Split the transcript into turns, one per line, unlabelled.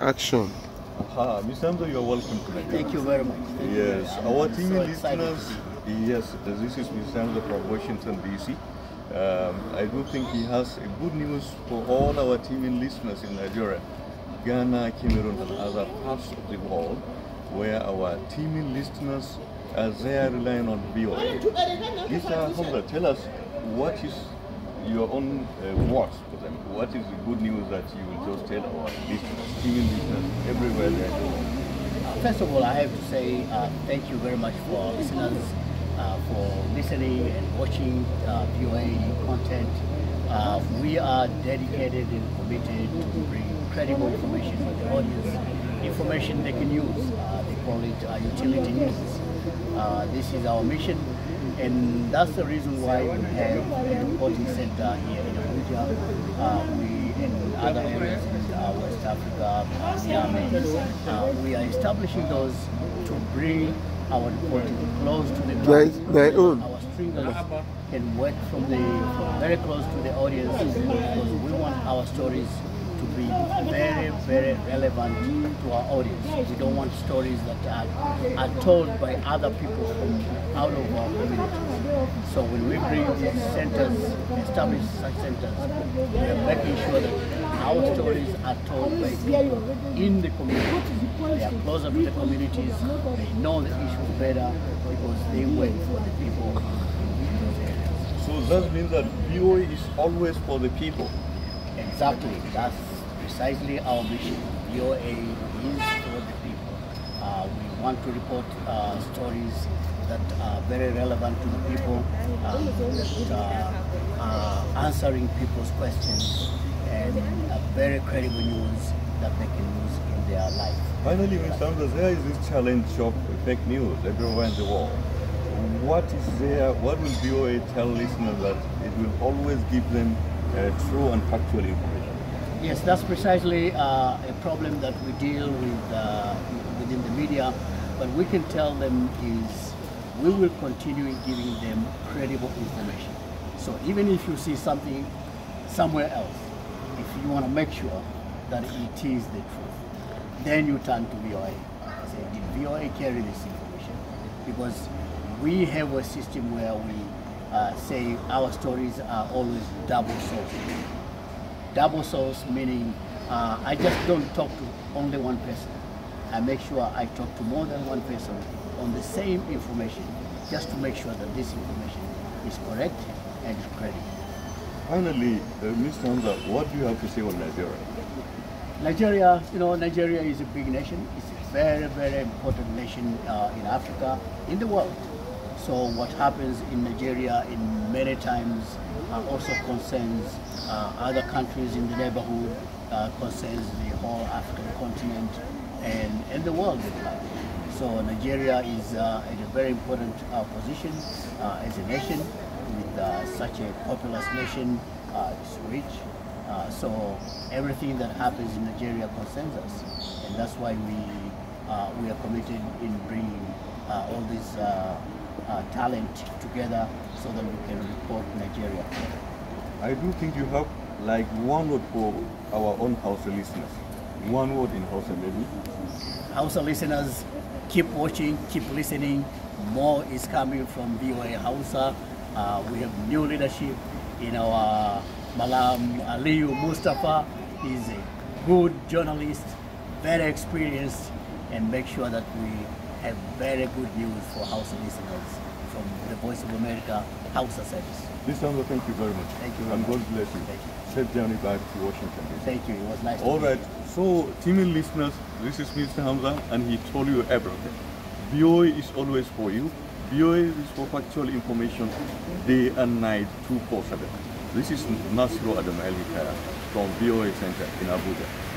action. Mr. Misando, you're welcome to Nigeria. Thank you very much. Thank yes, our team so listeners, yes, this is Misando from Washington, D.C. Um, I do think he has a good news for all our TV listeners in Nigeria, Ghana, Cameroon, and other parts of the world where our TV listeners are there relying on BO.
Mr. Honda,
tell us what is your own uh, words for them. What is the good news that you will just tell our listeners, listeners everywhere they First of all, I have to say uh, thank you very
much for listeners, uh, for listening and watching uh, VOA content. Uh, we are dedicated and committed to bring credible information to the audience, information they can use. Uh, they call it uh, utility news. Uh, this is our mission, and that's the reason why we have a reporting center here in Abuja. Uh, we in other areas in uh, West Africa, Yemen. we are establishing those to bring our reporting close to the ground can work from the very close to the audience because we want our stories to be very, very relevant to our audience. We don't want stories that are, are told by other people from out of our community. So when we bring these centers, establish such centers, we are making sure that our stories are told by people in the community. They are closer to the communities, they know the issues better
because they work for the people. So that means that BOE is always for the people. Exactly. That's precisely our mission.
VOA is for the people. Uh, we want to report uh, stories that are very relevant to the people, uh, that, uh, answering people's questions, and very credible news that they
can use in their life. Finally, Ms. Sanders, there is this challenge of fake news everywhere in the world what is there, what will VOA tell listeners that it will always give them uh, true and factual information?
Yes, that's precisely uh, a problem that we deal with uh, within the media. But we can tell them is we will continue giving them credible information. So even if you see something somewhere else, if you want to make sure that it is the truth, then you turn to VOA. Say, did VOA carry this information? Because we have a system where we uh, say our stories are always double sourced double source meaning uh, I just don't talk to only one person. I make sure I talk to more than one person on the same information, just to make sure that this information is correct and credible.
Finally, uh, Mr. Hamza, what do you have to say on Nigeria?
Nigeria, you know, Nigeria is a big nation. It's a very, very important nation uh, in Africa, in the world. So what happens in Nigeria, in many times uh, also concerns uh, other countries in the neighborhood, uh, concerns the whole African continent and, and the world. So Nigeria is uh, in a very important position as a nation with such a populous nation, it's rich. so everything that happens in Nigeria concerns us. And that's why we, we are committed in bringing all these uh, talent together so that we can report Nigeria.
I do think you have like one word for our own Hausa listeners. One word in Hausa maybe.
Hausa listeners, keep watching, keep listening. More is coming from VOA Hausa. Uh, we have new leadership in our Malam Aliyu Mustafa. He's a good journalist, very experienced, and make sure that we have very good news for House listeners from the Voice of America of service. This time, thank you very much.
Thank you. and much. God bless you. Thank you. Safe journey back to Washington. Thank you. It was nice. All right. So, timid listeners, this is Mr. Hamza, and he told you everything. BOA is always for you. BOA is for factual information day and night, 247. This is Nasir Adam Ali from BOA Center in Abuja.